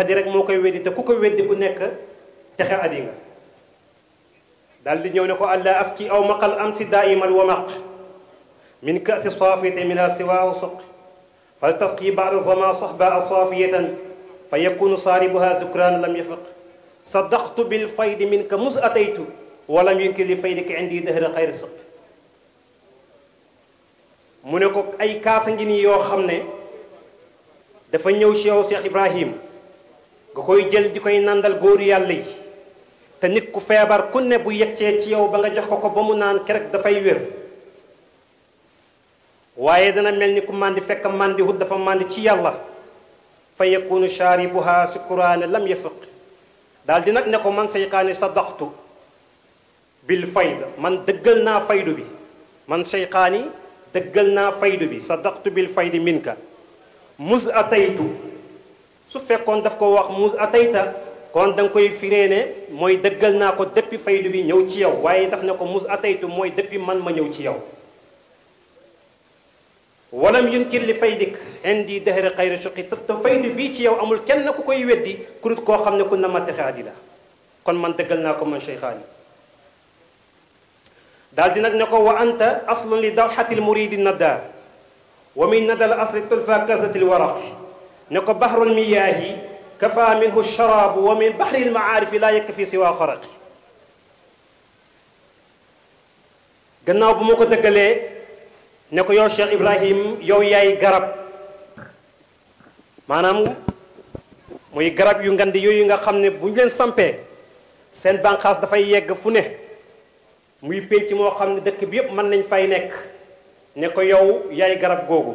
هذا رك مو كي ودي تكو كي ودي كنك تخا أدينا دال دي نيو نكو الله أسكي أو مقال أمس دائما ومق صدقت بالفيد منك مز أتيت ولم ينكر لفيدك عندي دهر خير سق مونكو اي كاس نجي نيو خمنه دا ابراهيم koy jël di koy nandal góor yàlla yi te nit ku feebar ku ne bu yeccee ci yow ba nga jox ko ko ba mu naan kerek dafay wér waaye dana mel ni ku màndi fekk màndi hut dafa màndi ci yàlla fa yakunu shaaribuha sukuraane lam yafiq dal di nag ne ko man sa sadaqtu bil fayda man dëggal naa faydu bi man seytaani dëggal naa faydu bi sa sadaqtu bil faydi minka mus ataytu su fekkoon daf ko wax mu atayta kon da nga koy firee ne mooy dëggal naa ko dëppi faydu bi ñëw ci yow waaye daf ne ko mus ataytu mooy dëppi man ma ñëw ci yow walam yunkir li faydik indi dahri xayri suqi te faydu bi ci yow amul kenn ku koy weddi kurut koo xam ne ku na ma khadi la kon man dëggal nako ko man cheykhaani dal di nak nako wa anta aslun li dawxati lmuridi nadda wa min nadal asli tulfa kasati lwaraq نكو بحر المياه كفى منه الشراب ومن بحر المعارف لا يكفي سوى خرق غناو بموكو دغالي نكو يو شيخ ابراهيم يو ياي غرب مانام موي غرب يو غاندي يو ييغا خامني بو نلين سامبي سين بانخاس دا فاي ييغ فوني موي بيتي مو خامني دك بييب مان نين فاي نيك نكو يو ياي غرب غوغو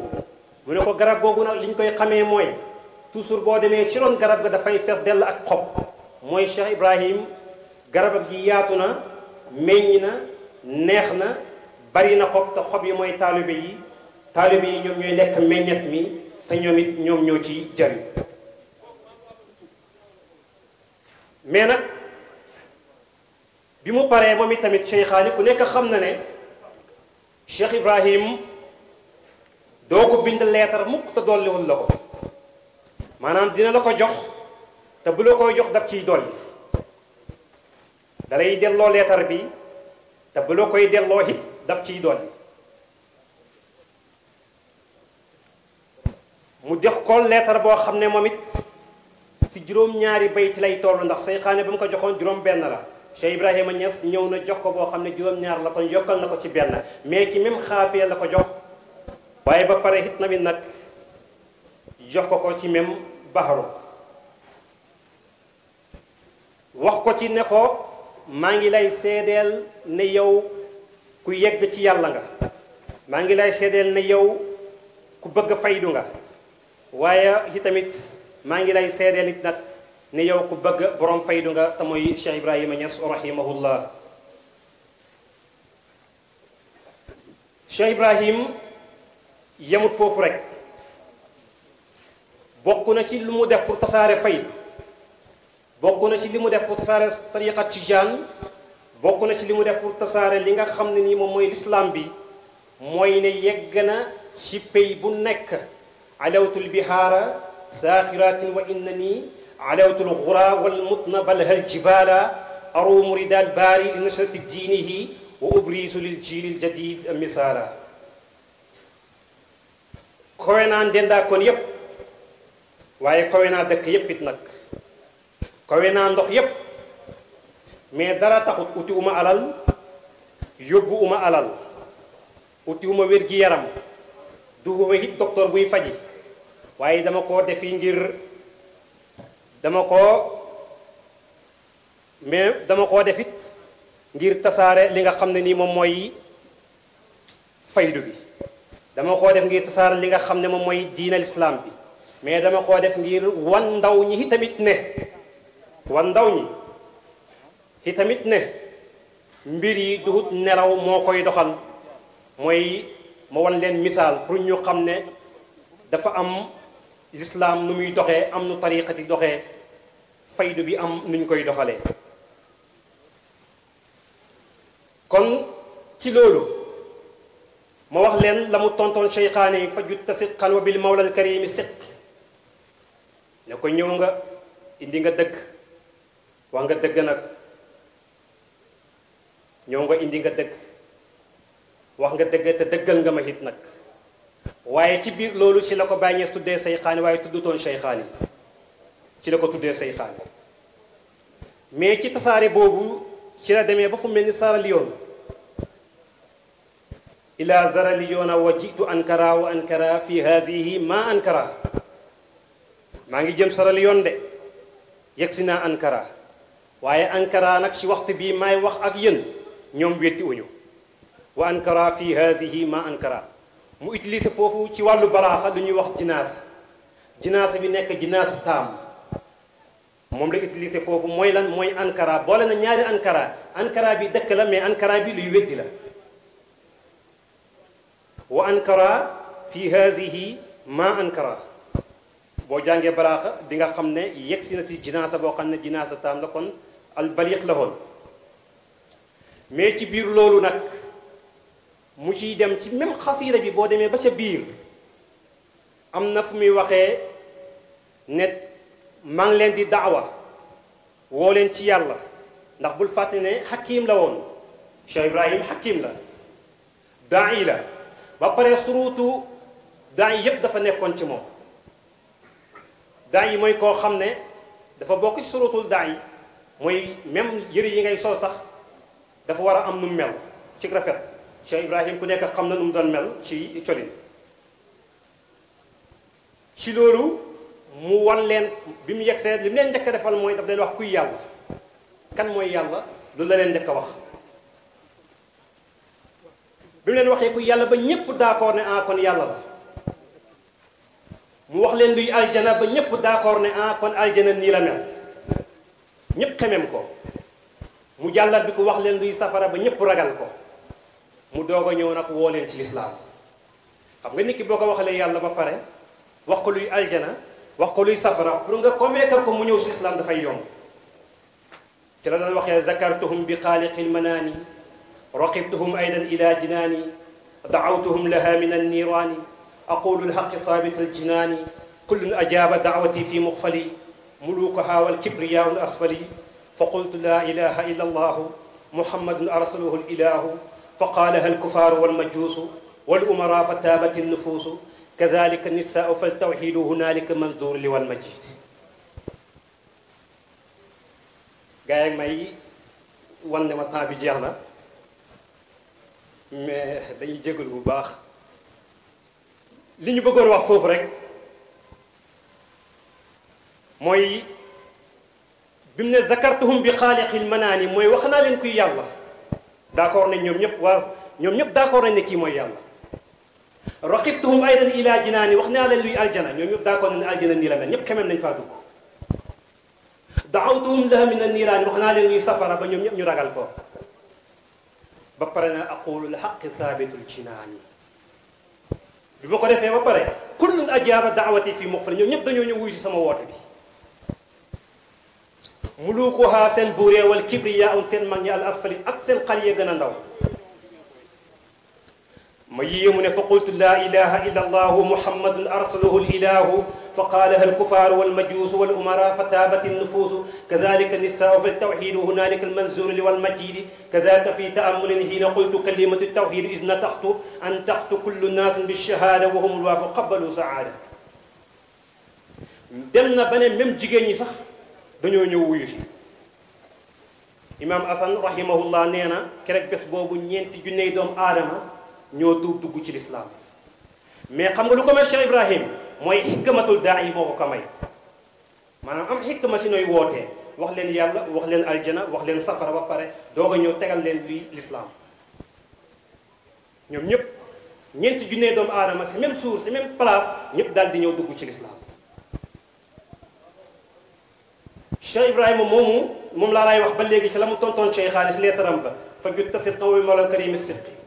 mu ne ko garab googu nag liñ koy xamee mooy toujours boo demee ci ron garab ga dafay fees dell ak xob mooy Cheikh Ibrahim garab gi yaatu na meññ na neex na bari na xob te xob yi mooy taalibe yi taalibe yi ñoom ñooy lekk meññet mi te ñoom it ñoom ñoo ci jari mais nag bi mu paree moom it tamit cheikhaani ku nekk xam na ne Cheikh Ibrahim doo ko bind leetar mukk te dolliwul la ko maanaam dina la ko jox te bu la koy jox daf ciy dolli dalay delloo leetar bi te bu la koy delloo it daf ciy dolli mu jox koon leetar boo xam ne moom it si juróom-ñaari bayt lay toll ndax sayxaane ba mu ko joxoon juróom-benn la Cheikh Ibrahima Niass ñëw na jox ko boo xam ne juróom-ñaar la ko yokkal na ko ci benn mais ci même xaafiya la ko jox waaye ba pare xitna nag jox ko ko ci même baxaru wax ko ci ne ko maa ngi lay seedeel ne yow ku yegg ci yàlla nga maa ngi lay seedeel ne yow ku bëgg faydu nga waaye itamit maa ngi lay seedeel it nag ne yow ku bëgg borom faydu nga te mooy Cheikh Ibrahima Niass rahimahullah Cheikh Ibrahim yemut foofu rek bokk na ci li mu def pour tasaare fay bokk na ci li mu def pour tasaare tariqa tijaan bokk na ci li mu def pour tasaare li nga xam ne nii moom mooy bi mooy ne yegg ci pay bu nekk alawtul bihaara saaxiraatin wa inna nii alawtul xuraa wal mutna balhal jibaala arumu ridaal baari li nasrati diinihi wa kawe naa ndendaakoon yépp waaye kawe naa dëkk yépp it nag kawe naa ndox yépp mais dara taxut uti uma alal yóbbu uma alal uti uma wér-gi-yaram duuma it docteur buy faji waaye dama koo defi ngir dama ko mais dama ko defit ngir tasaare li nga xam ne nii moom mooy faydu bi dama ko def ngir tassar li nga xamne mom moy diina l'islam bi mais dama ko def ngir wan ndaw ñi tamit ne wan ndaw ñi i tamit ne mbir yi duhut neraw mo koy doxal moy ma wan len misal pour ñu xamne dafa am l'islam nu muy doxé am nu tariqati doxé faydu bi am nuñ koy doxalé kon ci lolu ma wax leen la mu tontoon cheyxaane yi faj fa jutta sidqan wa bil mawlal karimi sidq ne ko ñëw nga indi nga dëgg wax nga dëgg nag ñëw nga indi nga dëgg wax nga dëgg te dëggal nga ma hit nag waaye ci biir loolu ci la ko Baay Ñas tuddee sayxaani waaye tuddutoon sayxaani ci la ko tuddee sayxaani mais ci tasaare boobu ci la demee ba fu mel ni saara liyoon ila zarali yoona wa jitu ankara wa ankara fi hazihi ma ankara maa ngi jëm saral yoon de yegsi naa ankara waaye ankara nag ci waxtu bii may wax ak yéen ñoom wetti uñu wa ankara fi hazihi ma ankara mu utilise foofu ci wàllu balaaxa lu ñuy wax jinaasa jinaasa bi nekk jinaasa taam moom la utilise foofu mooy lan mooy ankara boole na ñaari ankara ankara bi dëkk la mais ankara bi luy weddi la وأنكر في هذه ما أنكره boo jàngee balaaxa di nga xam ne yegg si na si jinaasa boo xam ne jinaasa taam la kon albaliq la woon mais ci biir loolu nag mu ciy dem ci même xasiira bi boo demee ba ca biir am na fu muy waxee ne maa ngi leen di daawa woo leen ci yàlla ndax bul fàtte ne xakim la woon Cheikh Ibrahim xakim la daa la ba pare suruutu daa yi yépp dafa nekkoon ci moom daa yi mooy koo xam ne dafa bokk ci suruutul yi mooy même yére yi ngay sol sax dafa war a am nu mel ci rafet Cheikh Ibrahim ku nekk xam na nu mu doon mel ci colin ci loolu mu wan leen bi mu yegsee li mu leen njëkk defal mooy daf leen wax kuy yàlla kan mooy yàlla lu la leen njëkk wax bi mu leen waxee ku yàlla ba ñëpp d'accord ne ah kon yàlla la mu wax len luy aljana ba ñëpp d'accord ne ah kon aljana ni la mel ñëpp xemem ko mu jàllat bi ko wax len luy safara ba ñëpp ragal ko mu doog ñëw nak wo len ci l'islam xam nga niki boko waxale yàlla ba pare wax ko luy aljana wax ko luy safara pour nga convaincre ko mu ñëw ci l'islam da fay yom ci la dal waxe zakartuhum bi xaaliqil manani رقبتهم أيضا إلى جناني دعوتهم لها من النيران أقول الحق صابت الجنان كل أجاب دعوتي في مخفلي ملوكها والكبرياء الأسفلي فقلت لا إله إلا الله محمد أرسله الإله فقالها الكفار والمجوس والأمراء فتابت النفوس كذلك النساء فالتوحيد هنالك منظور لي والمجيد قايم أي may wan ne mais dañuy jégalu bu baax li ñu bëggoon wax foofu rek mooy bi mu ne zakartuhum bi xaaliqil manaani mooy wax naa leen kuy yàlla d'accord nañ ñoom ñëpp waa ñoom ñëpp d'accord nañ ne kii mooy yàlla raqibtuhum aydan ila jinaani wax naa leen luy aljana ñoom ñëpp d'accord nañ ne aljana nii la mel ñëpp xemem nañ faa dugg daawtuhum laha min an wax naa leen luy safara ba ñoom ñëpp ñu ragal ko بقرنا أقول الحق ثابت الجنان بقرة في بقرة كل الأجابة دعوة في مغفر نيو نيو نيو نيو سما واتبي ملوكها سن والكبرياء سن من يال أسفل جنان دوم ويي فقلت لا إله إلا الله محمد أرسله الإله فقالها الكفار والمجوس والأمراء فتابت النفوس كذلك النساء في التوحيد هنالك المنزور والمجيد كذاك في تأمل حين قلت كلمة التوحيد إذ نطقت أن تخت كل الناس بالشهادة وهم الوافق قبلوا سعادة دلنا بني ba ne صح jigéen ñi sax dañoo ñëw wuyu si imaam Asan rahimahullah nee na keroog bés boobu ñoo tuub dugg ci lislaam mais xam nga lu ko may Cheikh Ibrahim mooy xikmatul daa yi moo ko ko may maanaam am xikma si nooy wootee wax leen yàlla wax leen aljana wax leen safara ba pare doog a ñëw tegal leen luy lislaam ñoom ñëpp ñeenti junnee doomu aadama si même suur si même place ñëpp daal di ñëw dugg ci lislaam Cheikh Ibrahima moomu moom laa lay wax ba léegi si la mu tontoon Cheikh xaalis leetaram ba fa jutta si qawmi mawla karimi sidqi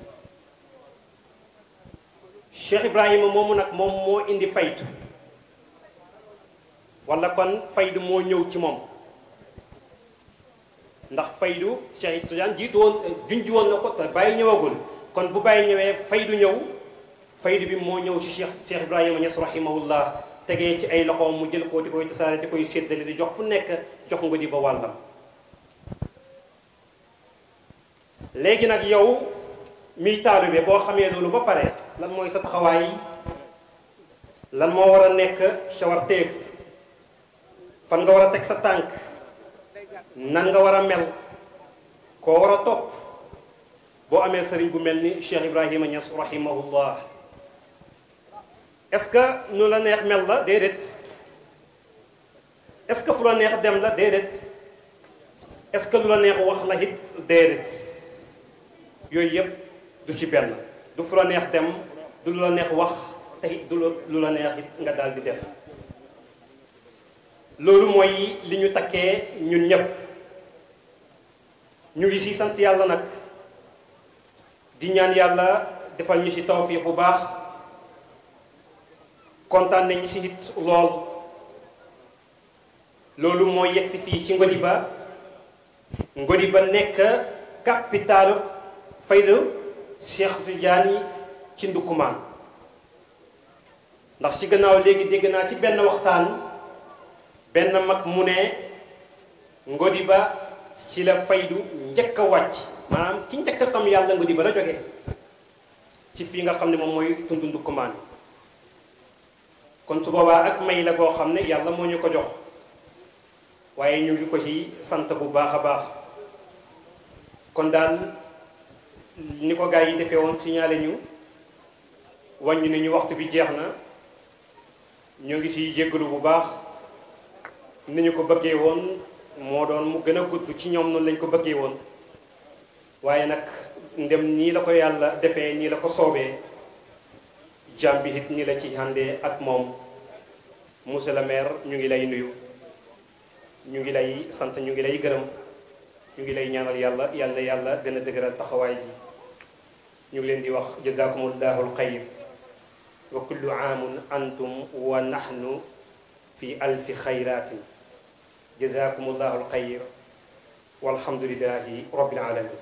Cheikh Ibrahima moomu nag moom moo indi fayd wala kon faydu moo ñëw ci moom ndax faydu Cheikh Tidiane jiitu woon junj woon na ko bàyyi ñëwagul kon bu bàyyi ñëwee faydu ñëw faydu bi moo ñëw ci Cheikh Cheikh Ibrahima Niass rahimahullah tegee ci ay loxoom mu jël ko di koy tasaare di koy séddale di jox fu nekk jox nga di ba wàllam léegi nag yow miy taalibe boo xamee loolu ba pare lan moy sa taxaway lan mo wara nek nekk sa warteef fan nga wara tek sa tànk nan nga wara mel ko wara top bo amé serigne sëriñ bu mel Cheikh ibrahim Niass rahimahullah est-ce que nu la neex mel la dedet est est-ce que fu la neex dem la dedet est est-ce que lu la neex wax la hit dedet yoy yeb du ci benn du fu la neex dem du lu la neex wax tey du lu la neex nga daal di def loolu mooy li ñu takkee ñun ñëpp ñu ngi si sant yàlla nag di ñaan yàlla defal ñu si tawfiix bu baax kontaan nañu si it lool loolu mooy yegg si fii ci Ngodiba Ngodiba nekk capitalu faydo Cheikh Tidiane ci ndukuman ndax ci gannaaw legui deg na ci benn waxtaan benn mak mune ngodi ba ci la faydu njëkk wacc manam maanaam ki njëkk a xam yàlla ngodiba la joge ci fi nga xamne mom moy tundu ndukuman kon su ak may la go xamne ne mo ñu ko jox waye ñu ngi ko ci sante bu baaxa baax kon daal ni ko gars yi defee woon signalé ñu wàññi nañu waxtu bi jeex na ñoo ngi ciy jéggalu bu baax nañu ko bëggee woon moo doon mu gën a gudd ci ñoom noonu lañ ko bëggee woon waaye nag ndem nii la ko yàlla defee nii la ko soobee jàmm bi it nii la ci àndee ak moom monsieur le maire ñu ngi lay nuyu ñu ngi lay sant ñu ngi lay gërëm ñu ngi lay ñaanal yàlla yàlla yàlla gën a dëgëral taxawaay bi ñu ngi leen di wax jazakumullahu alxayr wa kullu aamun antum wa nahnu fi alfi xayraatin jazakumullahu alxayr walhamdulilahi rabbil alamin